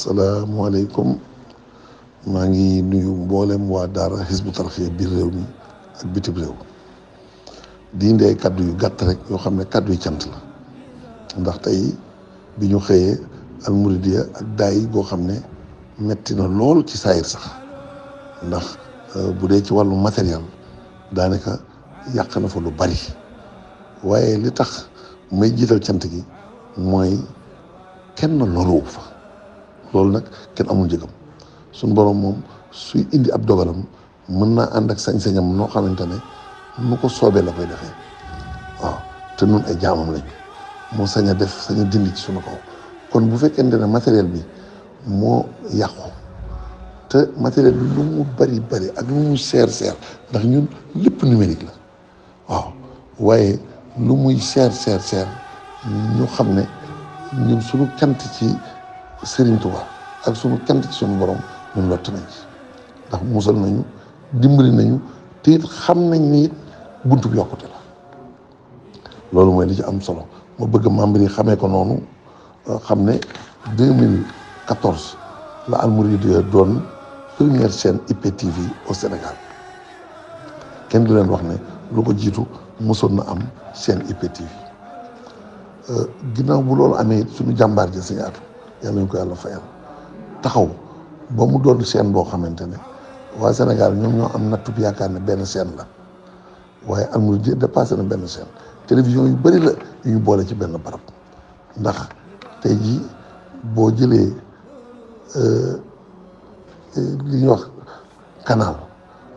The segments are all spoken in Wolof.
asalaamualeykum maa ngi nuyu mboolem waa daara Hizbut Tarqiyyah biir réew mi ak bitim réew di kàddu yu gàtt rek yoo xam ne kaddu yu cant la ndax tey bi ñu xëyee almuridiya ak daay boo xam ne metti na lool ci saayir sax ndax euh, bu dee ci wàllu matériel daanaka yàq na fa lu bari waaye li tax may jiital cant gi mooy kenn loruwu fa loolu nag kenn amul njëgam suñu borom moom suy indi ab dogalam mën naa ànd ak sañ-sañam noo xamante ne nu ko soobee la koy defee waaw nun ay jaamam lañ moo sañ a def sañ a ci suñu kaw kon bu fekkente ne matériel bi moo yàqu te matériel bi lu bari ak lu ndax ñun lépp numérique la waaw lu muy seer seer xam ne ñun suñu cant ci Serigne Touba ak suñu cant ci suñu borom ñun lott nañ ci ndax musal nañu dimbali nañu te it xam nañ ni it buntu bi yokkute la loolu mooy li ci am solo ma bëgg membre yi xamee ko noonu euh, xam ne 2014 la Al Mouridiyyah doon première chaîne IPTV au Sénégal kenn du leen wax ne lu ko jiitu mosoon na am chaîne IPTV euh, ginnaaw bu loolu amee suñu jàmbaar ji si yal nañu ko yàlla fayal taxaw ba mu doon seen boo xamante ne waa Sénégal ñoom ñoo am nattub yaakaar ne benn seen la waaye Almouridiyyah dépassé na benn seen télévision yu bëri la yu boole ci benn barab ndax tey jii boo jëlee euh, euh, li ñuy wax canal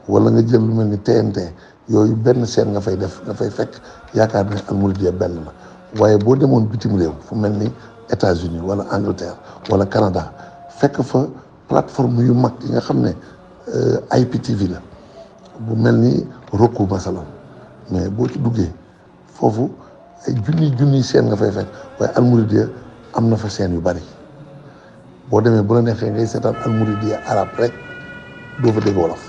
walla nga jël lu mel ni TNT yooyu benn seen nga fay def nga fay fekk yaakaar ne Almouridiyyah benn la waaye boo demoon bitim réew fu mel ni. États-Unis wala Angleterre wala Canada fekk fa plateforme yu mag yi nga xam ne euh, IPTV la bu mel ni Roku masalan mais boo ci duggee foofu ay junni junni seen nga fay fekk waaye Almouridiya am na fa seen yu bari boo demee bu la neexee ngay seetaan Almouridiya arab rek doo fa dégg wolof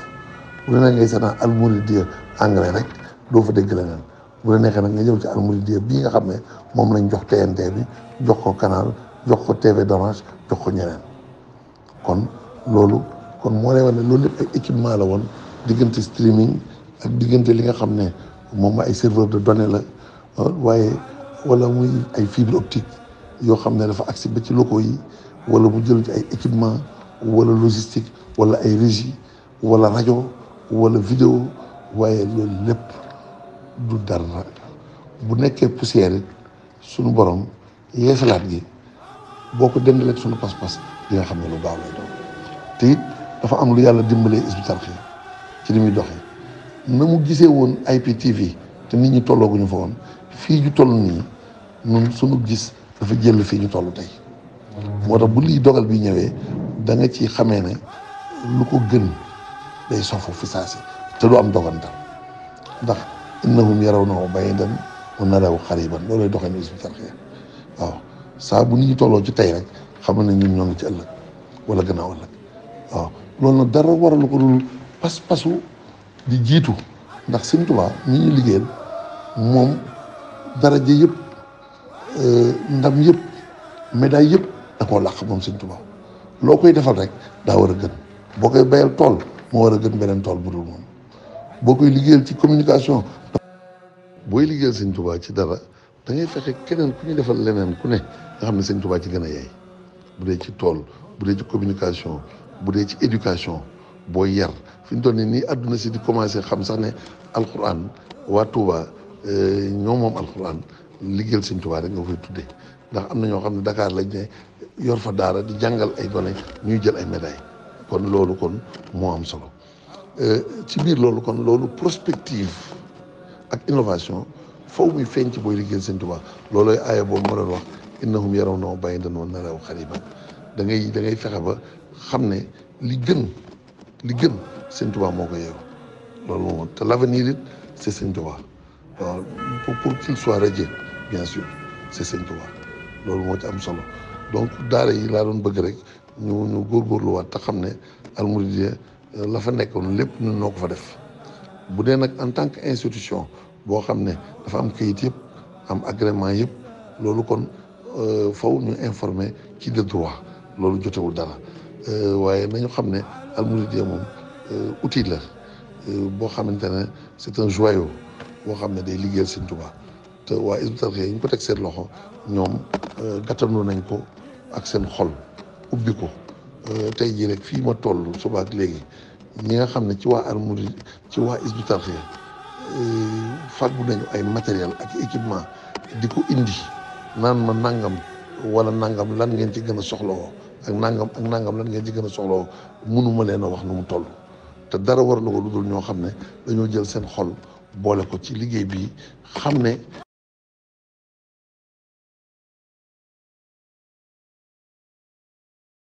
bu ne neexee ngay seetaan Almouridiya anglais rek doo fa dégg leneen bu la neexee nag nga jël ci almouride bii nga xam ne moom lañ jox TNT bi jox ko canal jox ko TV d'Orange jox ko ñeneen kon loolu kon moo lay wax loolu lépp ay équipement la woon diggante streaming ak diggante li nga xam ne moom ay serveur de données la waaye wala muy ay fibre optique yoo xam ne dafa agsi ba ci locaux yi wala mu jël ci ay équipement wala logistique wala ay régie wala rajo wala vidéo waaye loolu lépp du dara bu nekkee poussière it sunu borom yeesalaat gi boo ko dendalee sunu pas-pas di nga xam ne lu baax lay doon te it dafa am lu yàlla dimbalee isbital xi ci li muy doxee na mu gisee woon IPTV te nit ñi tollooguñu fa woon fii ñu toll nii ñun sunu gis dafa jël fii ñu toll tey moo tax bu lii dogal bi ñëwee danga ci xamee ne lu ko gën day sofu fi saasi te du am dogantal ndax innahum yarawnahu ba'idan wa narahu qariban loolooy doxalin Hizbut Tarqiyyah waaw saa bu nit ñi tolloo ci tey rek xam nañ ñun ñoo ngi ci ëllëg wala gannaaw ëllëg waaw loolu nag dara waralu ko dul pas-pasu di jiitu ndax Sëñ Tuubaa mi ñu liggéeyal moom daraja yëpp eh, ndam yépp médaille yëpp da koo làq moom Sëñ Tuubaa loo koy defal rek daa war a gën boo koy bayal tool moo war a gën beneen tool bu dul moom boo koy liggéeyal ci communication booy liggéeyal sëñ Touba ci dara da ngay fexe keneen ku ñu defal leneen ku ne nga xam ne sëñ Touba ci gën a yaay bu dee ci tool bu dee ci communication bu dee ci éducation boo yar fi ñu toll nii nii àdduna si di commencé xam sax ne alxuraan waa Touba eh, ñoo moom alxuraan liggéeyal sëñ Touba rek nga koy tudde ndax am na ñoo xam ne dakaar lañ ne yor fa daara di jàngal ay gone ñuy jël ay médailles kon loolu kon moo am solo eh, ci biir loolu kon loolu prospective. ak innovation foofu muy feeñ ci booy liggéeyal Sëñ Tuubaa loolooy aaya boobu ma doon wax innahum yarawnahu ba'iidan wa narawhu da ngay da fexe ba xam ne li gën li gën Sëñ Tuubaa moo ko yeewu loolu moom te l'avenir it c'est Sëñ Tuubaa waaw loolu moo ci am solo donc daara yi laa bëgg rek ñu ñu góorgóorluwaat te xam ne almouridiya euh, la nekkoon lépp ñun noo ko fa def bu dee nag en tant que institution boo xam ne dafa am kayit yëpp am agrément yëpp loolu kon euh, faw ñu informer ci de droit loolu jotewul dara euh, waaye nañu xam ne almouridiya moom euh, outil la boo xamante ne c'est un joyau boo xam ne day liggéey Sëñ Tuubaa te waa Hizbut Tarqiyyah yi ñu ko teg seen loxo ñoom gàttandu nañ ko ak seen xol ubbi ko tey jii rek fii ma toll suba ak léegi ñi nga xam ne ci waa almouri ci waa Hizbut bu nañu ay matériel ak équipement di ko indi naan ma nangam wala nangam lan ngeen ci gën a soxlawoo ak nangam ak nangam lan ngeen ci gën a soxlawoo mënuma leen a wax nu mu toll te dara war la ko lu dul ñoo xam ne dañoo jël seen xol boole ko ci liggéey bi xam ne